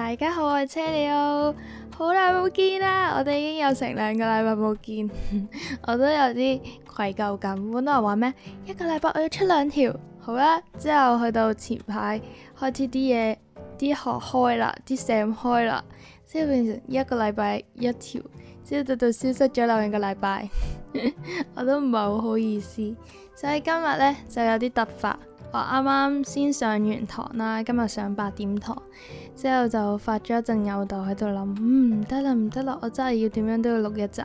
大家好，我係車里奧，好耐冇見啦，我哋已經有成兩個禮拜冇見， 我都有啲愧疚感。本來話咩，一個禮拜我要出兩條，好啦，之後去到前排開始啲嘢啲學開啦，啲寫開啦，之後變成一個禮拜一條，之後到到消失咗兩個禮拜， 我都唔係好好意思，所以今日呢就有啲突發。我啱啱先上完堂啦，今日上八點堂，之後就發咗一陣吽道喺度諗，嗯，唔得啦唔得啦，我真係要點樣都要錄一集，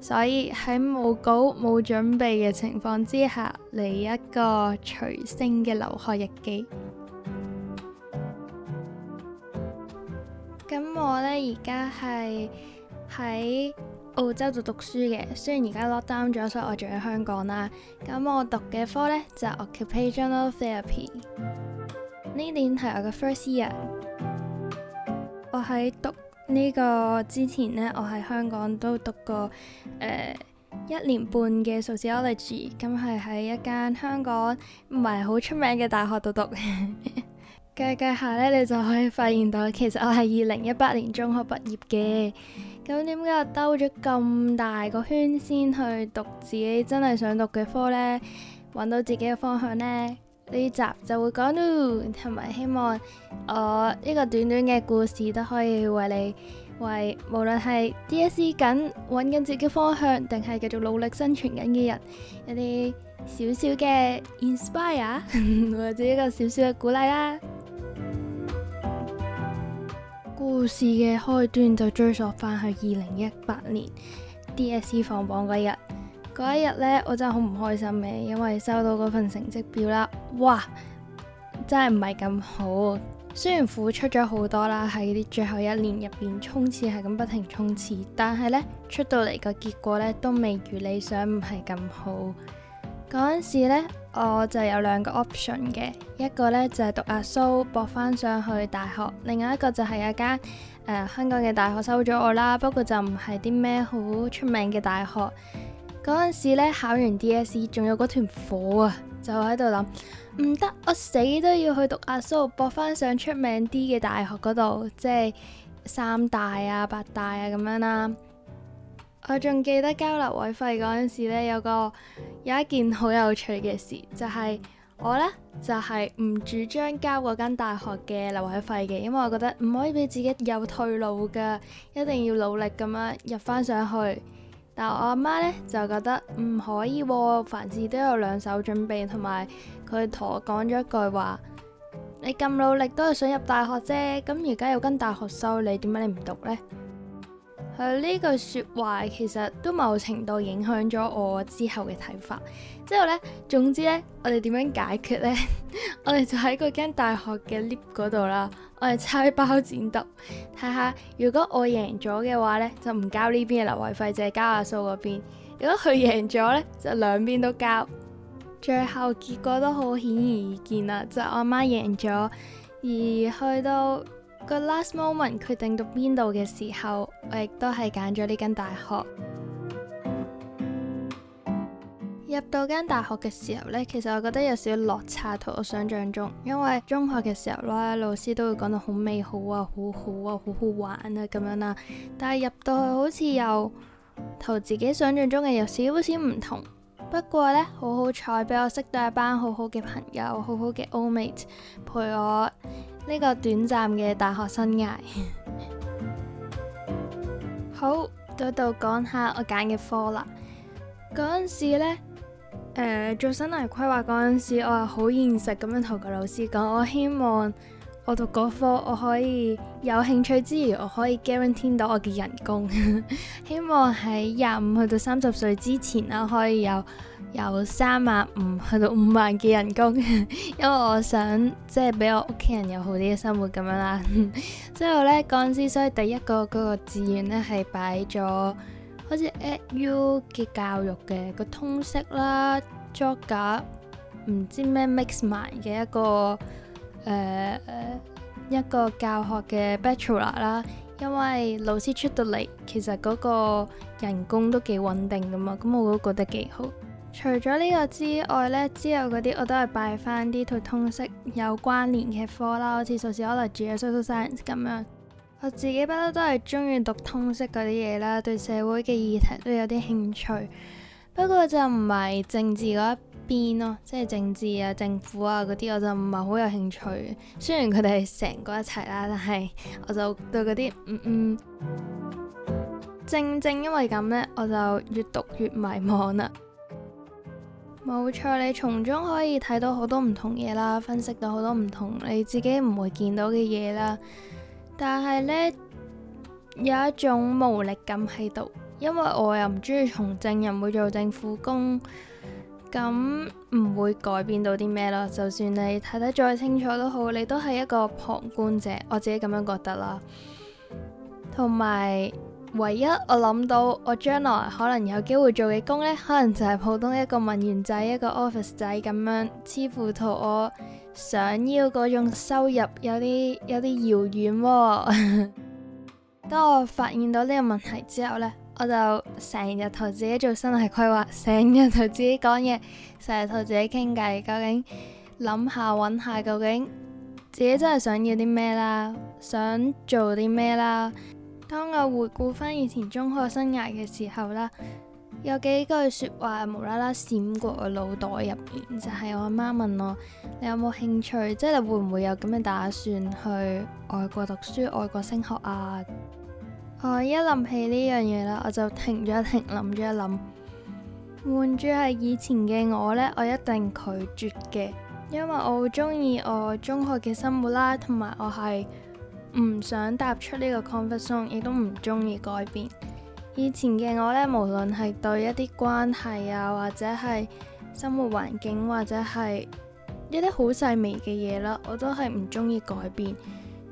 所以喺冇稿冇準備嘅情況之下嚟一個隨性嘅留學日記。咁我呢，而家係喺澳洲度讀書嘅，雖然而家落 down 咗，所以我仲喺香港啦。咁我讀嘅科呢，就是，occupational therapy。呢年係我嘅 first year。我喺讀呢、這個之前呢，我喺香港都讀過、呃、一年半嘅數字 ology。咁係喺一間香港唔係好出名嘅大學度讀。介 介下呢，你就可以發現到，其實我係二零一八年中學畢業嘅。咁點解我兜咗咁大個圈先去讀自己真係想讀嘅科呢？搵到自己嘅方向呢？呢集就會講咯，同埋希望我呢個短短嘅故事都可以為你，為無論係 DSE 緊搵緊自己方向，定係繼續努力生存緊嘅人，一啲少少嘅 inspire 或者一個少少嘅鼓勵啦。故事嘅開端就追溯翻去二零一八年 DSE 放榜嗰日，嗰一日呢，我真係好唔開心嘅，因為收到嗰份成績表啦，哇，真係唔係咁好。雖然付出咗好多啦，喺啲最後一年入邊衝刺係咁不停衝刺，但係呢，出到嚟個結果呢，都未如理想，唔係咁好。嗰陣時呢，我就有兩個 option 嘅，一個呢，就係、是、讀阿蘇博翻上去大學，另外一個就係一間誒、呃、香港嘅大學收咗我啦。不過就唔係啲咩好出名嘅大學。嗰陣時呢，考完 DSE，仲有嗰團火啊，就喺度諗唔得，我死都要去讀阿蘇博翻上出名啲嘅大學嗰度，即係三大啊、八大啊咁樣啦、啊。我仲記得交留位費嗰陣時呢，有個有一件好有趣嘅事，就係、是、我呢，就係、是、唔主張交嗰間大學嘅留位費嘅，因為我覺得唔可以俾自己有退路噶，一定要努力咁樣入翻上去。但我阿媽呢，就覺得唔可以喎，凡事都有兩手準備，同埋佢同我講咗一句話：「你咁努力都係想入大學啫，咁而家有間大學收你，點解你唔讀呢？」佢呢句說話，其實都某程度影響咗我之後嘅睇法。之後呢，總之呢，我哋點樣解決呢？ 我哋就喺嗰間大學嘅 lift 嗰度啦。我哋猜包剪揼，睇下如果我贏咗嘅話呢，就唔交呢邊嘅留位費，就係交阿蘇嗰邊。如果佢贏咗呢，就兩邊都交。最後結果都好顯而易見啦，就係我媽媽贏咗，而去到個 last moment 決定讀邊度嘅時候，我亦都係揀咗呢間大學。 入到間大學嘅時候呢，其實我覺得有少少落差同我想像中，因為中學嘅時候啦，老師都會講到好美好啊、好好啊、好好玩啊咁樣啦。但係入到去好似又同自己想像中嘅有少少唔同。不過呢，好好彩，畀我識到一班好好嘅朋友，好好嘅 roommate 陪我。呢個短暫嘅大學生涯 好，好到度講下我揀嘅科啦。嗰陣時呢，誒、呃、做生涯規劃嗰陣時，我係好現實咁樣同個老師講，我希望我讀嗰科，我可以有興趣之餘，我可以 guarantee 到我嘅人工， 希望喺廿五去到三十歲之前啦，我可以有。有三萬五去到五萬嘅人工， 因為我想即係俾我屋企人有好啲嘅生活咁樣啦。之 後呢，剛先所以第一個嗰、嗰個志願呢係擺咗好似 A U 嘅教育嘅、嗰個通識啦，作假唔知咩 mix man 嘅一個誒、呃、一個教學嘅 Bachelor 啦，因為老師出到嚟其實嗰個人工都幾穩定㗎嘛，咁我都覺得幾好。除咗呢個之外呢之後嗰啲我都係拜翻啲同通識有關聯嘅科啦，好似數字可能住 g y social science 咁樣。我自己不嬲都係中意讀通識嗰啲嘢啦，對社會嘅議題都有啲興趣。不過就唔係政治嗰一邊咯，即係政治啊、政府啊嗰啲，我就唔係好有興趣。雖然佢哋係成個一齊啦，但係我就對嗰啲嗯，嗯，正正因為咁呢，我就越讀越迷茫啦。冇錯，你從中可以睇到好多唔同嘢啦，分析到好多唔同，你自己唔會見到嘅嘢啦。但係呢，有一種無力感喺度，因為我又唔中意從政，又唔會做政府工，咁唔會改變到啲咩咯。就算你睇得再清楚都好，你都係一個旁觀者，我自己咁樣覺得啦。同埋。唯一我諗到我將來可能有機會做嘅工呢，可能就係普通一個文員仔，一個 office 仔咁樣，似乎同我想要嗰種收入有啲有啲遙遠，哦。 當我發現到呢個問題之後呢，我就成日同自己做生涯規劃，成日同自己講嘢，成日同自己傾偈，究竟諗下、揾下究竟自己真係想要啲咩啦，想做啲咩啦。當我回顧翻以前中學生涯嘅時候啦，有幾句說話無啦啦閃過我腦袋入面，就係我阿媽問我：你有冇興趣？即係你會唔會有咁嘅打算去外國讀書、外國升學啊？我一諗起呢樣嘢啦，我就停咗一停，諗咗一諗。換住係以前嘅我呢，我一定拒絕嘅，因為我好中意我中學嘅生活啦，同埋我係。唔想踏出呢個 comfort zone 亦都唔中意改變。以前嘅我呢，無論係對一啲關係啊，或者係生活環境，或者係一啲好細微嘅嘢啦，我都係唔中意改變，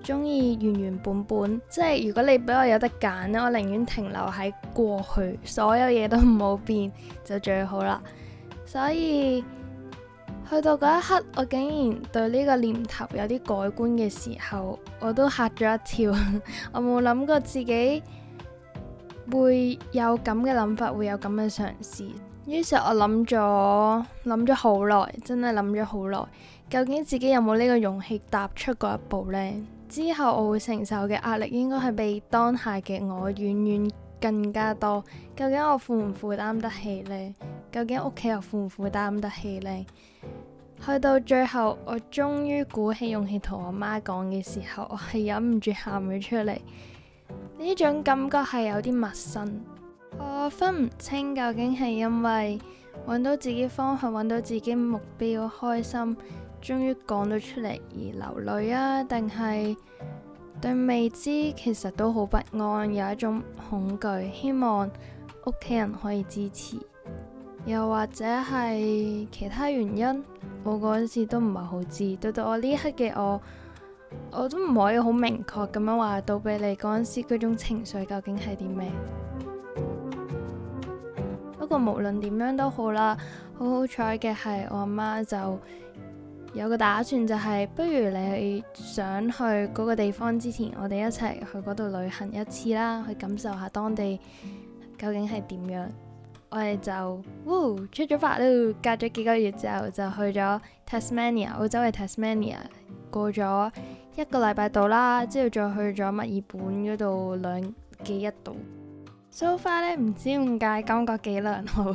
中意原原本本。即係如果你俾我有得揀咧，我寧願停留喺過去，所有嘢都唔好變就最好啦。所以，去到嗰一刻，我竟然對呢個念頭有啲改觀嘅時候，我都嚇咗一跳。 我冇諗過自己會有咁嘅諗法，會有咁嘅嘗試。於是我，我諗咗諗咗好耐，真係諗咗好耐。究竟自己有冇呢個勇氣踏出嗰一步呢？之後我會承受嘅壓力應該係比當下嘅我遠遠更加多。究竟我負唔負擔得起呢？究竟屋企又負唔負擔得起呢？去到最後，我終於鼓起勇氣同我媽講嘅時候，我係忍唔住喊咗出嚟。呢種感覺係有啲陌生，我分唔清究竟係因為揾到自己方向、揾到自己目標、開心，終於講咗出嚟而流淚啊，定係對未知其實都好不安，有一種恐懼，希望屋企人可以支持，又或者係其他原因。我嗰陣時都唔係好知，到到我呢刻嘅我，我都唔可以好明確咁樣話到俾你嗰陣時嗰種情緒究竟係點咩。 不過無論點樣都好啦，好好彩嘅係我阿媽就有個打算，就係不如你想去嗰個地方之前，我哋一齊去嗰度旅行一次啦，去感受下當地究竟係點樣。我哋就，哦、出咗發咯。隔咗幾個月之後，就去咗 Tasmania，澳洲嘅 Tasmania。過咗一個禮拜度啦，之後再去咗墨爾本嗰度兩幾日度。So far 咧，唔知點解感覺幾良好。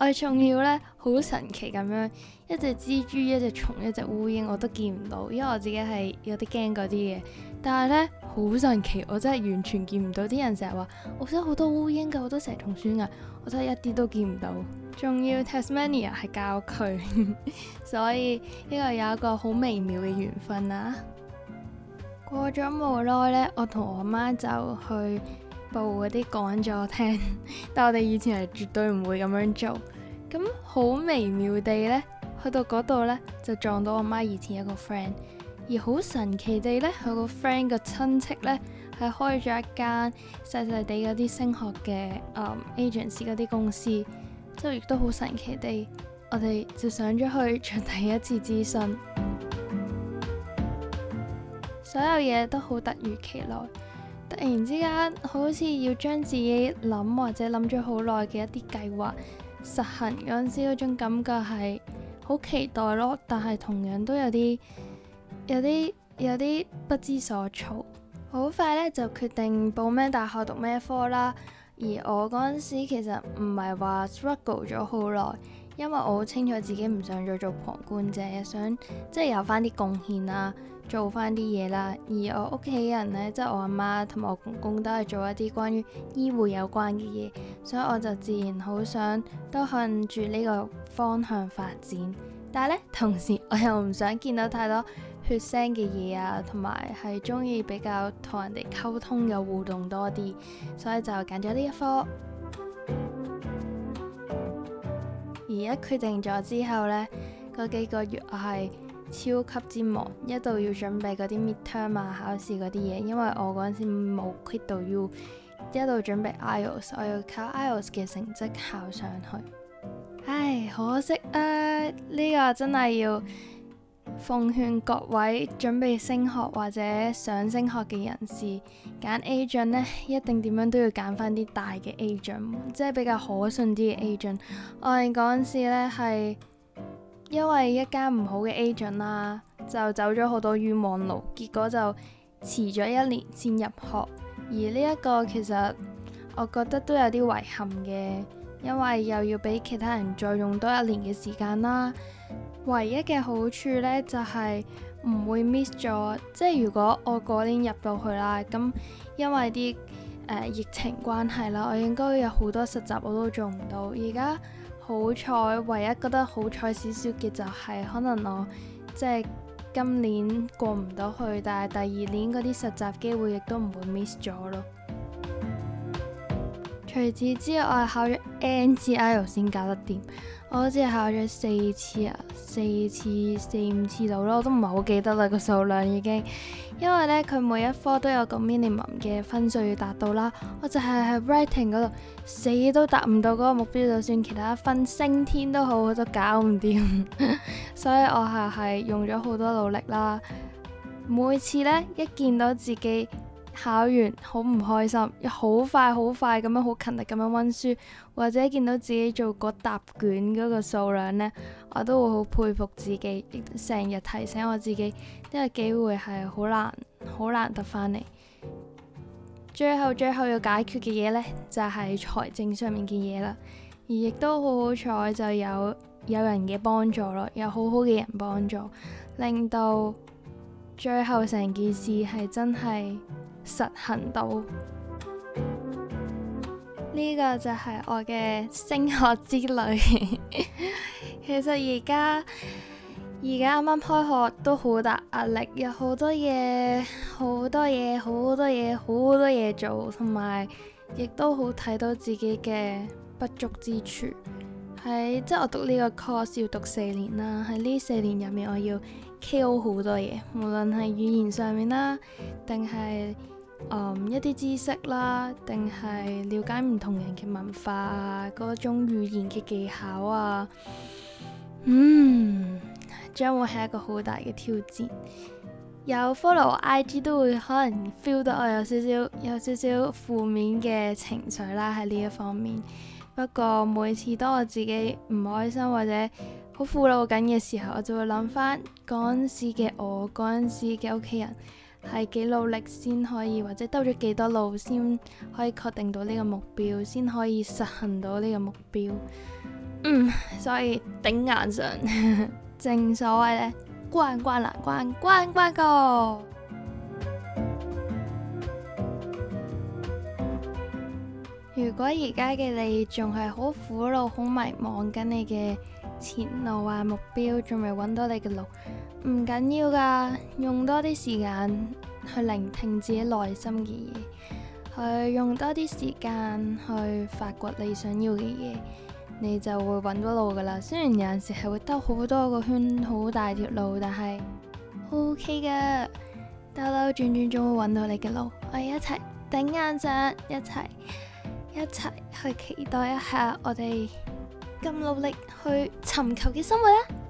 我哋仲要呢，好神奇咁樣，一隻蜘蛛、一隻蟲、一隻烏蠅我都見唔到，因為我自己係有啲驚嗰啲嘅。但係呢，好神奇，我真係完全見唔到啲人成日話澳洲好多烏蠅㗎，好多蛇蟲鼠蟻㗎。我真係一啲都見唔到，仲要 Tasmania 係郊區， 所以呢個有一個好微妙嘅緣分啊。過咗冇耐呢，我同我媽就去報嗰啲講座聽， 但我哋以前係絕對唔會咁樣做。咁好微妙地呢，去到嗰度呢，就撞到我媽以前一個 friend，而好神奇地呢，佢個 friend 嘅親戚呢。係開咗一間細細地嗰啲升學嘅、um, agency 嗰啲公司，之後亦都好神奇地，我哋就上咗去做第一次諮詢。 所有嘢都好突如其來，突然之間好似要將自己諗或者諗咗好耐嘅一啲計劃實行嗰陣時，嗰種感覺係好期待咯，但係同樣都有啲有啲有啲不知所措。好快咧就決定報咩大學讀咩科啦，而我嗰陣時其實唔係話 struggle 咗好耐，因為我好清楚自己唔想再做旁觀者，想即係有翻啲貢獻啦，做翻啲嘢啦。而我屋企人呢，即係我阿媽同埋我公公都係做一啲關於醫護有關嘅嘢，所以我就自然好想都向住呢個方向發展。但係呢，同時我又唔想見到太多血腥嘅嘢啊，同埋係中意比較同人哋溝通有互動多啲，所以就揀咗呢一科。 而一決定咗之後呢，嗰幾個月我係超級之忙，一度要準備嗰啲 midterm 啊，考試嗰啲嘢，因為我嗰陣時冇 quit 到 U，一度準備 IELTS，我要靠 IELTS 嘅成績考上去。唉，可惜啊，呢個真係要～奉勸各位準備升學或者想升學嘅人士，揀 agent 咧，一定點樣都要揀翻啲大嘅 agent，即係比較可信啲嘅 agent。 我哋嗰陣時咧，係因為一間唔好嘅 agent 啦，就走咗好多冤枉路，結果就遲咗一年先入學。而呢一個其實我覺得都有啲遺憾嘅，因為又要俾其他人再用多一年嘅時間啦。唯一嘅好處呢，就係唔會 miss 咗。即係如果我嗰年入到去啦，咁因為啲誒、呃、疫情關係啦，我應該有好多實習我都做唔到。而家好彩，唯一覺得好彩少少嘅就係，可能我即係今年過唔到去，但係第二年嗰啲實習機會亦都唔會 miss 咗咯。除此之，之外，我係考咗 NCEA 先搞得掂。我好似考咗四次啊，四次四五次到啦，我都唔係好記得啦，個數量已經。因為咧，佢每一科都有個 minimum 嘅分數要達到啦。我就係喺 writing 嗰度，死都達唔到嗰個目標，就算其他分升天都好，我都搞唔掂。 所以我係係用咗好多努力啦。每次咧，一見到自己。考完好唔開心，好快好快咁樣好勤力咁樣溫書，或者見到自己做過答卷嗰個數量呢，我都會好佩服自己，成日提醒我自己，呢個機會係好難好難得翻嚟。最後最後要解決嘅嘢呢，就係財政上面嘅嘢啦，而亦都好好彩就有有人嘅幫助咯，有好好嘅人幫助，令到最後成件事係真係。實行到呢、這個就係我嘅升學之旅。 其實而家而家啱啱開學都好大壓力，有好多嘢，好多嘢，好多嘢，好多嘢做，同埋亦都好睇到自己嘅不足之處。喺即係我讀呢個 course 要讀四年啦，喺呢四年入面我要 KO 好多嘢，無論係語言上面啦，定係。Um, 一啲知識啦，定係了解唔同人嘅文化啊，嗰種語言嘅技巧啊，嗯，將會係一個好大嘅挑戰。有 follow 我 IG 都會可能 feel 到我有少少有少少負面嘅情緒啦，喺呢一方面。不過每次當我自己唔開心或者好負老緊嘅時候，我就會諗翻嗰陣時嘅我，嗰陣時嘅屋企人。係幾努力先可以，或者兜咗幾多路先可以確定到呢個目標，先可以實行到呢個目標。嗯，所以頂硬上， 正所謂呢，關關難關，關關過。 如果而家嘅你仲係好苦惱、好迷茫，緊你嘅前路啊、目標，仲未揾到你嘅路。唔緊要噶，用多啲時間去聆聽自己內心嘅嘢，去用多啲時間去發掘你想要嘅嘢，你就會揾到路噶啦。雖然有陣時係會兜好多個圈，好大條路，但係 OK 噶，兜兜轉轉總會揾到你嘅路。我哋一齊頂硬上，一齊一齊去期待一下我哋咁努力去尋求嘅生活啦，啊！